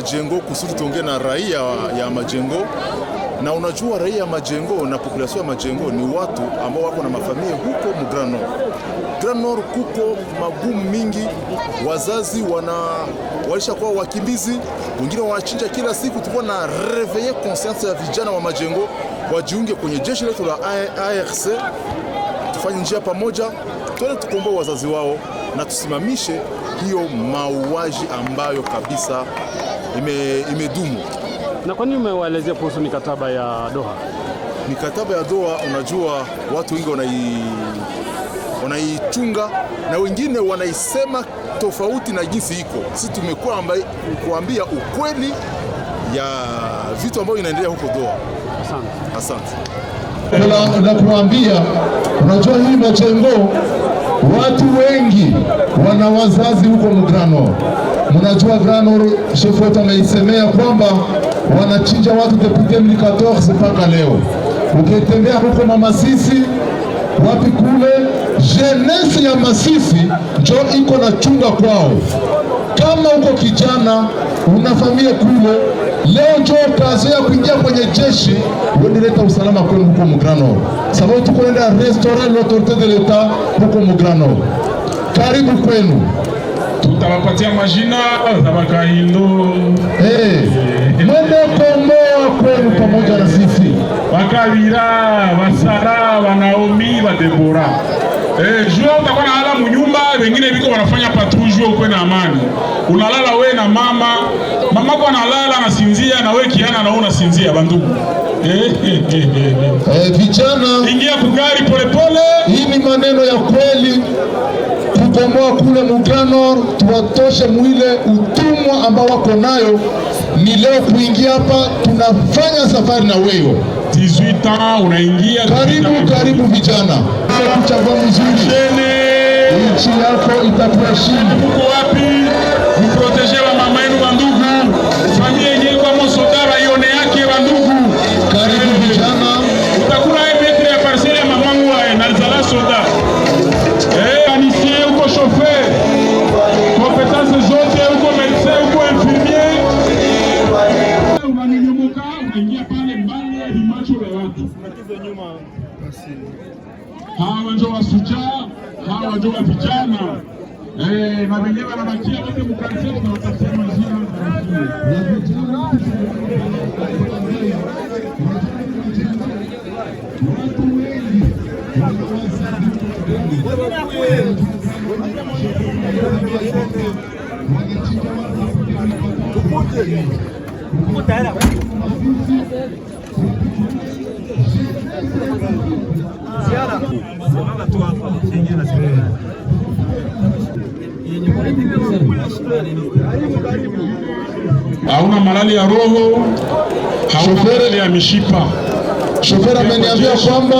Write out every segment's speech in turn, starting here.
majengo kusudi tuongee na raia ya majengo. Na unajua raia ya majengo na populasio ya majengo ni watu ambao wako na mafamilia huko mu Grand Nord. Grand Nord kuko magumu mingi, wazazi wana kuwa wakimbizi, wengine wanachinja kila siku. tuko na reveiller conscience ya vijana wa majengo wajiunge kwenye jeshi letu la ARC, tufanye njia pamoja, tuende tukomboe wazazi wao na tusimamishe hiyo mauaji ambayo kabisa imedumu ime. Na kwa nini umewaelezea kuhusu mikataba ya Doha? Mikataba ya Doha, unajua watu wengi wanai wanaichunga na wengine wanaisema tofauti na jinsi iko. Sisi tumekuwa kuambia ukweli ya vitu ambavyo inaendelea huko Doha. Asante. Asante. Na kuambia, unajua hii machengo, watu wengi wana wazazi huko Mugrano. Mnajua Granor Shefot ameisemea kwamba wanachinja watu depute 2014 mpaka leo. Ukitembea huko na Masisi wapi kule, jenesi ya Masisi njo iko na chunga kwao. Kama uko kijana una familia kule, leo njo kazi ya kuingia kwenye jeshi, wendeleta usalama kwenu huko Mgranor, sababu tuko nenda restaurant l'autorité de l'état huko mgrano Karibu kwenu tutawapatia majina za oh, Bakahindo. Eh, mwende Kongo kwenu pamoja na sisi Bakavira, Basara, Banaomi, Badebora. Eh, jua utakuwa nalala munyumba, wengine viko wanafanya patrui, jua ukwe na amani. Unalala we na mama mamako analala nasinzia na we kiana na unasinzia bandugu. Eh, eh, eh, eh, eh. Eh, vijana ingia kugari polepole, hii ni maneno ya kweli kukomboa kule Muganor, tuwatoshe mwile utumwa ambao wako nayo. Ni leo kuingia hapa, tunafanya safari na weyo 18 ans unaingia. Karibu karibu vijana, kuchagua mzuri, nchi yako itakuwa wapi? Hauna malali ya roho, shofere ya mishipa. Shofere ameniambia kwamba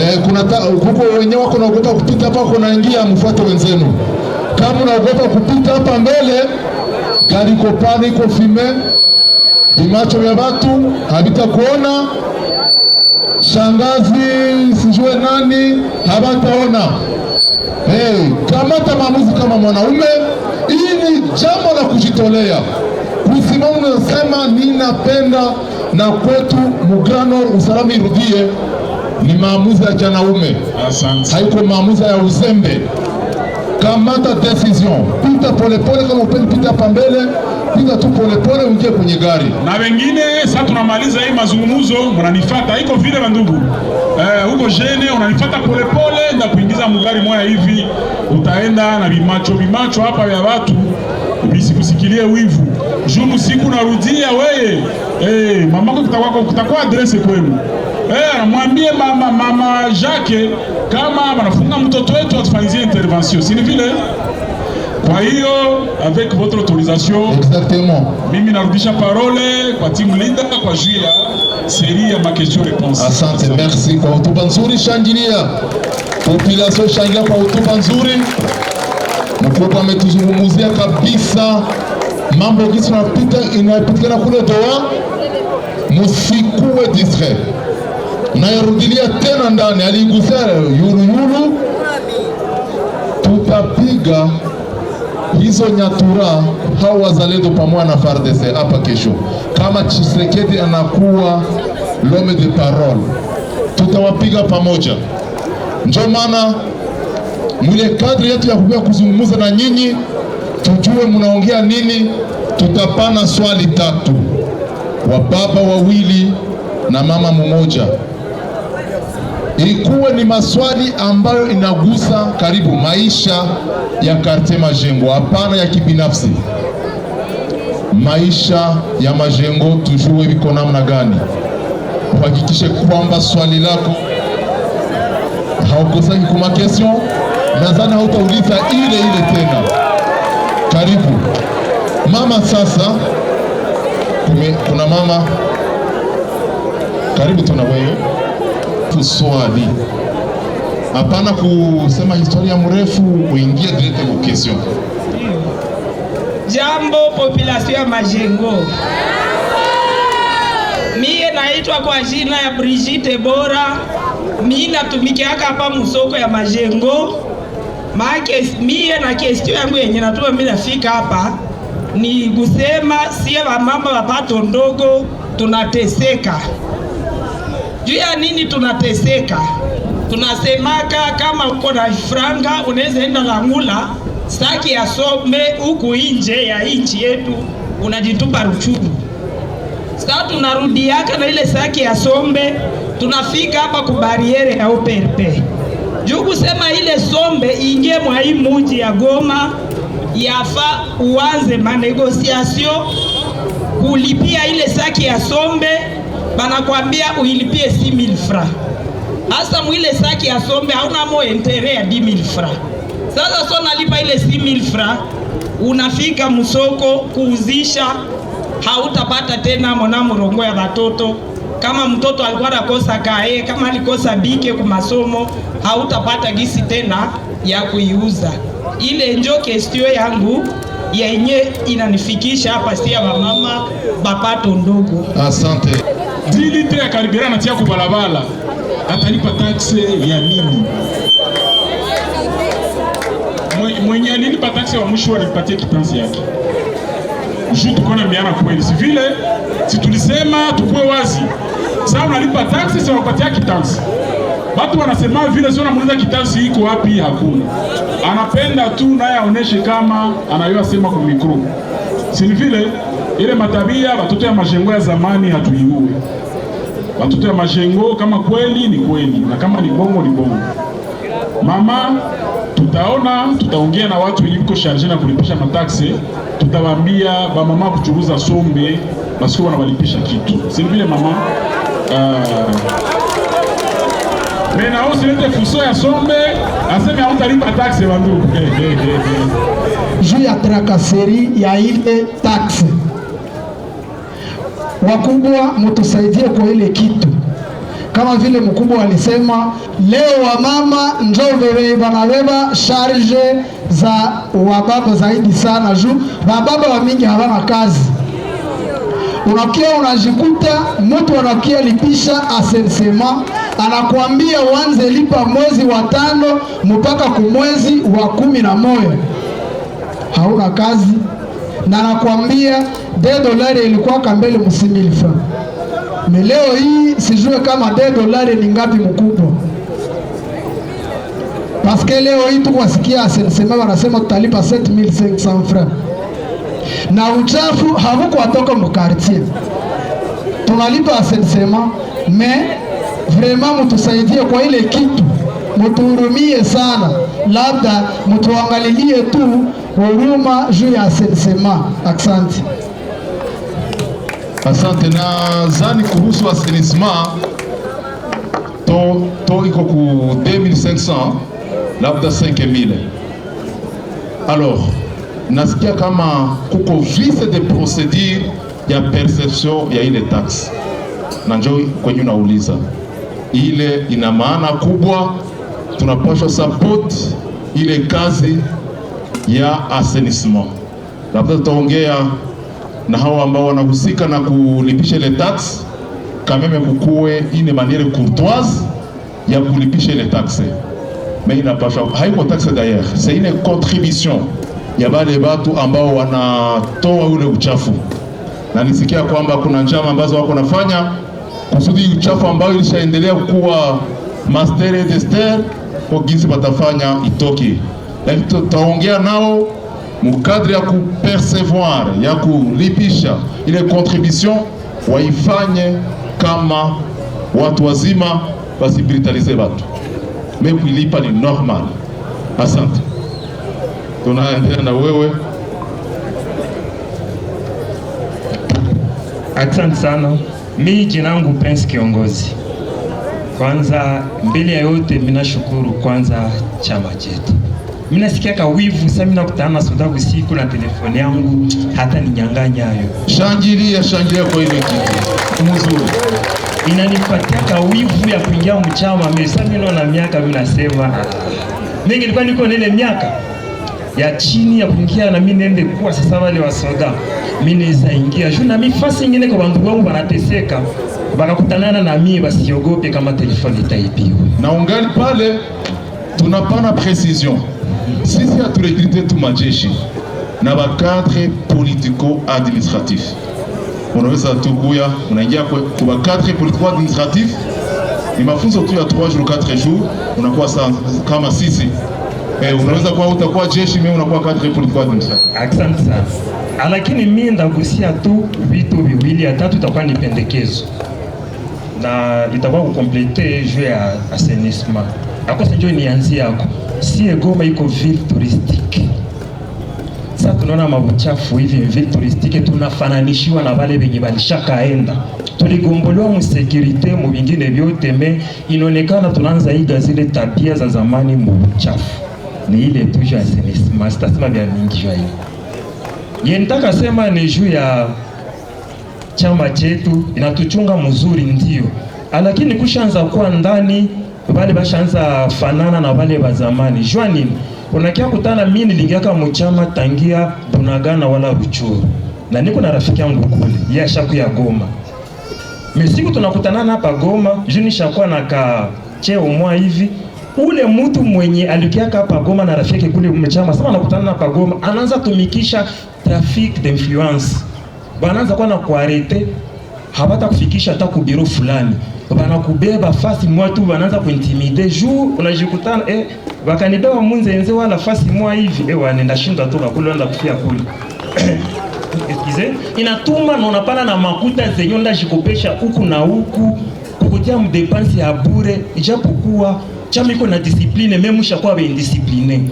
eh, kuna kuko wenyewe wako naogopa kupita hapa, kunaingia mfuate wenzenu. Kama unaogopa kupita hapa mbele iko fime vimacho vya watu havitakuona shangazi sijue nani habataona. Hey, kamata maamuzi kama mwanaume. Hii ni jambo la kujitolea kusimama, unasema ninapenda na kwetu Mugano usalama irudie. Ni maamuzi ya janaume, haiko maamuzi ya uzembe kamata decision, pita polepole. Kama upendi pita hapa mbele, pita tu polepole, ungie kwenye gari. Na wengine sasa, tunamaliza hii mazungumzo, mnanifuata iko vile bandugu eh, huko jene, unanifuata polepole na kuingiza mugari moya hivi, utaenda na bimacho bimacho hapa vya watu visikusikilie wivu jumu siku narudia weye eh, mamako kutakuwa adrese kwenu eh, namwambie mama mama Jacques kama wanafunga mtoto wetu atufanyizie intervention, si ni vile? Kwa hiyo avec votre autorisation, exactement, mimi narudisha parole kwa team leader kwa juu ya seri ya makestion reponse. Asante, merci kwa hotuba nzuri. Shangilia population, shangilia kwa hotuba nzuri. Mkubwa ametuzungumzia kabisa mambo jinsi inapitikana kule Doha, musikuwe distrait nayarudilia tena ndani, aliigusia yuruyuru. Tutapiga hizo nyatura hao wazalendo pamoja na FARDC hapa kesho, kama Chisekedi anakuwa lome de parole, tutawapiga pamoja. Ndio maana mwile kadri yetu ya kuja kuzungumza na nyinyi, tujue mnaongea nini. Tutapana swali tatu, wababa wawili na mama mmoja ilikuwa ni maswali ambayo inagusa karibu maisha ya karte Majengo, hapana ya kibinafsi. Maisha ya Majengo tujue viko namna gani, uhakikishe kwamba swali lako haukosaki kuma question, nadhani hautauliza ile ile tena. Karibu mama. Sasa kume, kuna mama, karibu tuna wewe tuswali, hapana kusema historia mrefu, uingie direct kwa question. Jambo population ya Majengo, mie naitwa kwa jina ya Brigitte Bora, mie natumikiaka hapa musoko ya Majengo. Maake mie na kestio yangu yenye natuma mimi nafika hapa ni kusema sie wamama wapato ndogo tunateseka juu ya nini tunateseka? Tunasemaka kama uko na franga unaweza enda Langula ya sombe huku nje ya nchi yetu, unajitupa Ruchuru. Sasa tunarudiaka na ile saki ya sombe tunafika hapa ku bariere ya OPRP juu kusema ile sombe ingie mwa hii muji ya Goma, yafa uanze manegosiasio kulipia ile saki ya sombe banakwambia uilipie 6000 francs. Hasa mwile saki asombe hauna mo entere ya 10000 francs. Sasa so nalipa ile 6000 francs, unafika msoko kuuzisha, hautapata tena mwana mrongo ya watoto kama mtoto alikuwa anakosa kae, kama alikosa bike kwa masomo, hautapata gisi tena ya kuiuza. Ile njo kestio yangu yenye inanifikisha hapa sia wamama bapato ndogo. Asante. Dilite ya karibira tia kubalabala atalipa taxe ya nini? Mwenye alilipa taxe wa mwisho alipatia kitanzi yake juu kona na miana kweli, si vile si tulisema tukue wazi, sababu nalipa taxi siwapatia kitanzi. Watu wanasema vile sio, namuuliza kitasi iko wapi? Hakuna, anapenda tu naye aoneshe kama anayosema kwa mikro, si vile ile matabia. Watoto ya majengo ya zamani hatuiue, watoto ya majengo kama kweli ni kweli na kama ni bongo ni bongo. Mama, tutaona tutaongea na watu wenye iko sharje na kulipisha mataksi, tutawaambia ba mama kuchuruza sombe basi wanawalipisha kitu, si vile mama uh, mena osilete fuso ya sombe aseme autalipa taxe bandu juu ya trakaseri ya ile taxe. Wakubwa mutusaidie kwa ile kitu, kama vile mkubwa alisema leo, wamama njo veve banabeba sharge za wababa zaidi sana, juu wababa wa mingi hawana kazi unakia unajikuta mtu anakia lipisha asensema anakuambia uanze lipa mwezi wa tano mpaka kumwezi wa kumi na moja hauna kazi, na anakuambia de dolari ilikuwa kambele msimilifa me leo hii sijue kama de dolari ni ngapi mkubwa, paske leo hii tukwasikia asenesema wanasema tutalipa 7500 francs na uchafu atoka mukartie tunalipa asenesema me vrema mutusaidie kwa ile kitu, mtuhurumie sana, labda mutuangalilie tu huruma juu ya sema. Asante, asante. Nadhani kuhusu asenisma to, to iko ku 2500 labda 5000. Alors nasikia kama kuko vise de procedure ya perception ya ile taxe na njoo kwenye unauliza ile ina maana kubwa. Tunapaswa support ile kazi ya assainissement. Labda tutaongea na hao ambao wanahusika na kulipisha ile tax, kameme kukuwe ine maniere courtoise ya kulipisha ile taxe me inapasha haiko taxe d'ailleurs, c'est une contribution ya bale batu ambao wanatoa ule uchafu, na nisikia kwamba kuna njama ambazo wako nafanya kusudi uchafu ambayo ilishaendelea kuwa mastere dester kwa ginsi batafanya itoke, lakini tutaongea nao mukadre ya kupersevoir ya kulipisha ile contribution, waifanye kama watu wazima, wasibritalize batu mekuilipa ni normal. Asante, tunaendelea na wewe. Asante sana. Mi jina langu Prince Kiongozi. Kwanza mbele ya yote minashukuru kwanza chama chetu. Minasikia kawivu sasa, nakutana na soda usiku na telefoni yangu hata ninyang'anya hayo. Shangilia, shangilia kwa ile kitu. Mzuri. Inanipatia kawivu ya kuingia mchama mimi sasa, mimi na miaka minasema. Ah, mimi nilikuwa niko nile miaka ya chini ya kuingia na mimi nende kuwa sasa wale soda mimi niza ingia juu na mimi fasi nyingine kwa bantu wangu wanateseka bakakutanana na mimi basiogope kama telefoni itaibiwa na ungali pale tunapana precision sisi haturekrite tu majeshi na cadre politico administratif unaweza tu kuya unaingia kwa cadre politico administratif ni mafunzo tu ya 3 jours 4 jours unakuwa kama sisi Eh, unaweza kuwa utakuwa jeshi, mimi unakuwa kadri political administrateur. Asante sana. Ah, lakini mimi ndagusia tu vitu viwili atatu, itakuwa ni pendekezo na itakuwa kukomplete juu ya assainissement. Akosa njoo nianzie yako. Si Goma iko ville touristique. Sasa tunaona mabuchafu hivi ville touristique tunafananishiwa na wale wenye walishakaenda. Tuligombolewa msekirite mu vingine vyote, me inaonekana tunaanza iga zile tabia za zamani mu buchafu ni ile tu juu ya senisma, sitasema vya mingi juu ya hiyo. Ye nitaka sema ni juu ya chama chetu inatuchunga mzuri, ndio ah, lakini kushaanza kuwa ndani vale bashaanza fanana na vale ba zamani. Jua nini unakia kutana, mimi nilingiaka mchama tangia Bunagana wala Ruchuru, na niko na rafiki yangu kule ya shaku ya Goma Mimi siku tunakutana hapa Goma juu shakuwa na ka cheo mwa hivi ule mtu mwenye alikiaka pagoma na rafiki kule mchama sasa anakutana na pagoma, anaanza tumikisha traffic de influence, banaanza kwa na kuarete, hapata kufikisha hata kubiro fulani, banakubeba fasi mwa tu, banaanza kuintimide juu unajikutana eh, bakaniba wa munzenze wala fasi mwa hivi eh, wanaenda shinda toka kule wanaenda kufia kule Eskize, inatuma na unapana na makuta zenyonda jikopesha huku na huku kukutia mdepansi ya bure ijapokuwa chama iko na discipline meme shakuwa bendisipline.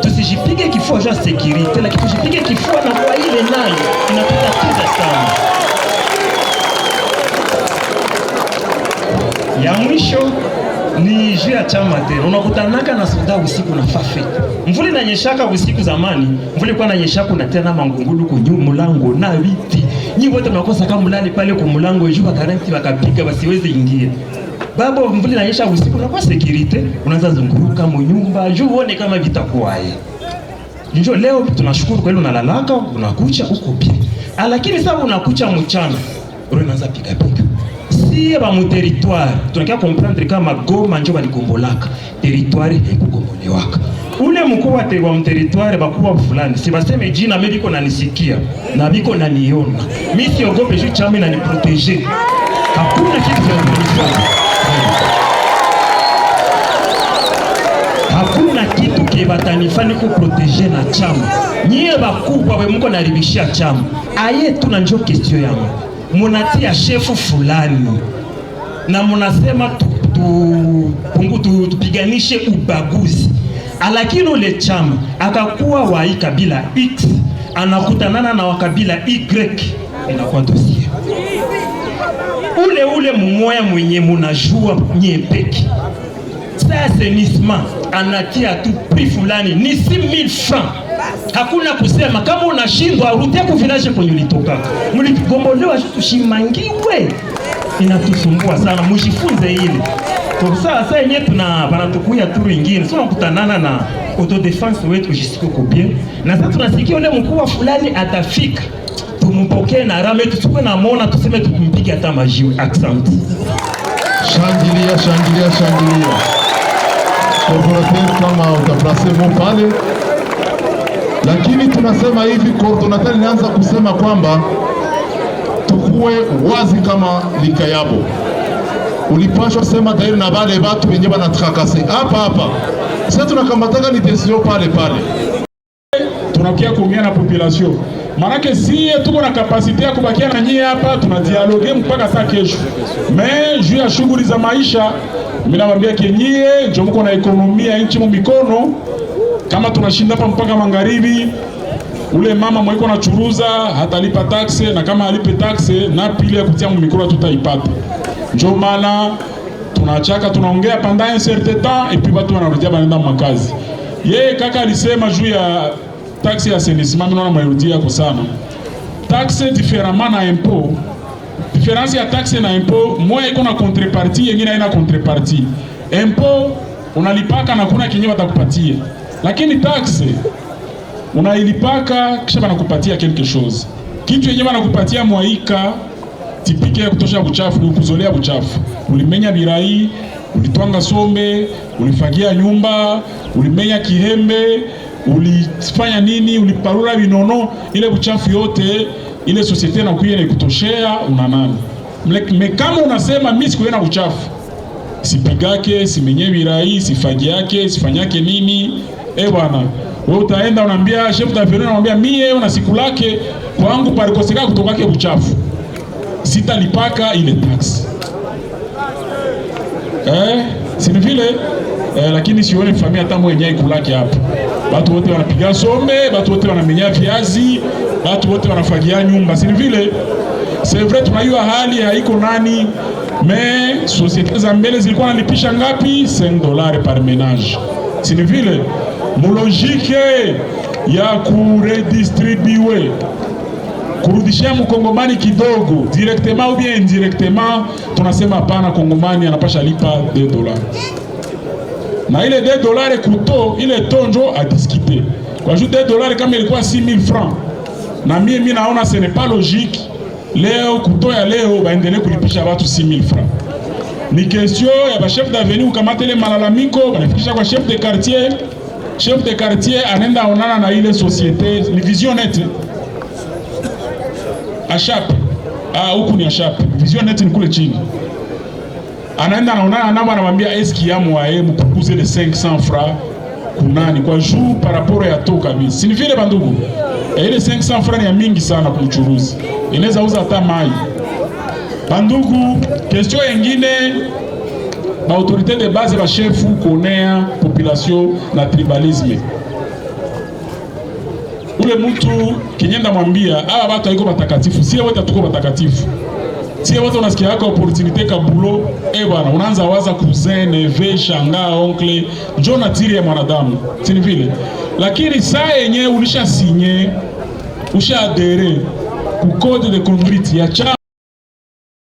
Tusijipige kifua ja security, lakini tujipige kifua na kwa ile nayo inatutatiza sana. Ya mwisho ni juu ya chama tena, unakutanaka na soda usiku na fafe mvuli nyeshaka usiku. Zamani mvuli kwa na nanyeshaka na tena mangungulu kwenye mlango na viti nyi wote mnakosa kama mlale pale kwa mlango juu, wakaranti wakapiga basiweze ingia babo, mvula inaisha usiku, na kwa sekirite, unaanza zunguruka munyumba juu uone kama vitakuwaje. Njoo leo tunashukuru kweli, unalalaka unakucha uko pia, ah, lakini sasa unakucha mchana, roho inaanza piga piga. Sie ba mu territoire tunakia comprendre kama Goma njoo baligombolaka territoire haikugombolewaka. Ule mkuu wa tewa mteritoare bakuwa fulani si baseme jina, mimi biko nanisikia na biko naniona, mimi siogope juu chama na niproteger, hakuna kitu cha venye batanifani kuproteje na chama. Nyie bakubwa we mko naribishia chama aye, tuna njo kestio yangu, munatia shefu fulani na munasema tupiganishe tu, tu, tu, ubaguzi, alakini ule chama akakuwa wai kabila X anakutanana na wakabila Y inakuwa dosie ule ule mmoya mwenye munajua nyepeki sa assainissement anatia tu prix fulani ni 6000 francs. Hakuna kusema kama unashindwa urudie ku village kwenye ulitoka. Mligombolewa tushimangiwe, inatusumbua sana, mshifunze hili kwa sasa. Yenyewe tuna banatukuya turu ingine, sio kutanana na auto defense wetu jisiko kubie, na sasa tunasikia ule wa fulani atafika tumpokee na rame, tusikwe na mona, tuseme tukumpige hata majiwe. Asante, shangilia, shangilia, shangilia coordinateur kama utaplase mo pale, lakini tunasema hivi, coordinateur inaanza kusema kwamba tukuwe wazi kama lika likayabo ulipashwa sema tairi na wale watu wenye wanatukakasi hapa hapa. Sasa tunakamataka ni desio pale pale, tunakia kuongea na population manake siye tuko na kapasite ya kubakia na nyie hapa, tunadialoge mpaka saa kesho. Me juu ya shughuli za maisha, mimi nawaambia ke nyie njo mko na ekonomia nchi mu mikono, kama tunashinda hapa mpaka magharibi ule mama mwiko na churuza hatalipa takse, na kama alipe takse na pili ya kutia mumikura tutaipata. Njo maana tunachaka tunaongea pendant un certain temps, epi batu wanarudia banenda makazi. Yeye kaka alisema juu ya taxe ya assainissement mimi naona yako sana. Taxe différemment na impôt. Différence ya taxe na impôt moja iko na contrepartie, nyingine haina contrepartie. Impôt unalipaka na kuna kinyo watakupatia. Lakini taxe unailipaka kisha wanakupatia quelque chose. Kitu yenyewe wanakupatia mwaika tipike ya kutosha buchafu, ukuzolea buchafu. Ulimenya birai, ulitwanga sombe, ulifagia nyumba, ulimenya kihembe, ulifanya nini, uliparura vinono, ile uchafu yote ile sosiete una nani unanani. kama unasema mimi sikuwe na uchafu, sipigake simenye virai yake sifanyake nini, e bwana wewe utaenda unaambia chef d'affaires, unaambia mie na lake kwangu kutoka kutokake uchafu, sitalipaka ile tax eh sivi vile eh, lakini sione familia hata mmoja kulaki hapa. Watu wote wanapiga sombe, watu wote wanamenya viazi, watu wote wanafagia nyumba, sivi vile c'est vrai, tunajua hali haiko nani me societe za mbele zilikuwa nalipisha ngapi? 5 dollars par menage, sivi vile mulojike ya kuredistribue kurudishia mkongomani kidogo directement au bien indirectement, tunasema hapana, kongomani anapasha lipa 2 dola na ile 2 dola kuto ile tonjo adiskite kwa juu 2 dola kama ilikuwa 6000 francs, na mimi mimi naona ce n'est pas logique leo kuto ya leo baendele kulipisha watu 6000 francs. Ni question ya ba chef d'avenue ukamata ile malalamiko banafikisha kwa chef de quartier, chef de quartier anenda onana na ile societe, ni vision nette Ashapi ah, huku, ni Ashapi, viziwa neti ni kule chini. Anaenda anaonana nao, anamwambia eskiamu eh, ae mpunguze eh, le 500 francs kunani kwa juu rapport ya to kabisa, si ni vile bandugu? E, eh, ile 500 francs ya mingi sana kumchuruzi, inaweza uza hata mai bandugu. Kestio yengine ba autorite de base ba chefu kuonea population na tribalisme ule mtu kinyenda mwambia hawa ah, watu haiko matakatifu, sie wote hatuko matakatifu, sie wote unasikia yako opportunity kabulo. Eh bwana, unaanza waza cousin, neve, shanga, oncle njo na tiri ya mwanadamu sini vile, lakini saa yenyewe ulisha sinye usha ku code de conduite ya chama